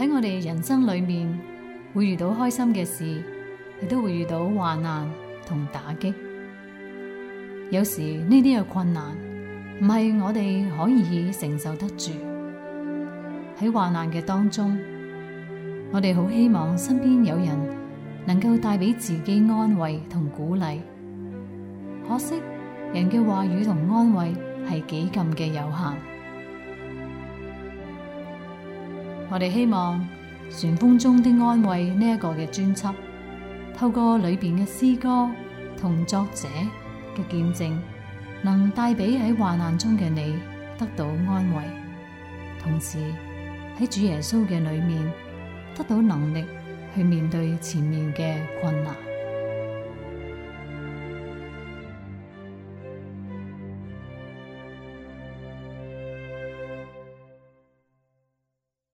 喺我哋人生裏面，會遇到開心嘅事，亦都會遇到患難同打擊。有時呢啲嘅困難，唔係我哋可以承受得住。喺患難嘅當中，我哋好希望身邊有人能夠帶俾自己安慰同鼓勵。可惜，人嘅話語同安慰係幾咁嘅有限。我哋希望《旋風中的安慰》呢一個嘅專輯，透過裏邊嘅詩歌同作者嘅見證，能帶俾喺患難中嘅你得到安慰，同時喺主耶穌嘅裏面得到能力去面對前面嘅困難。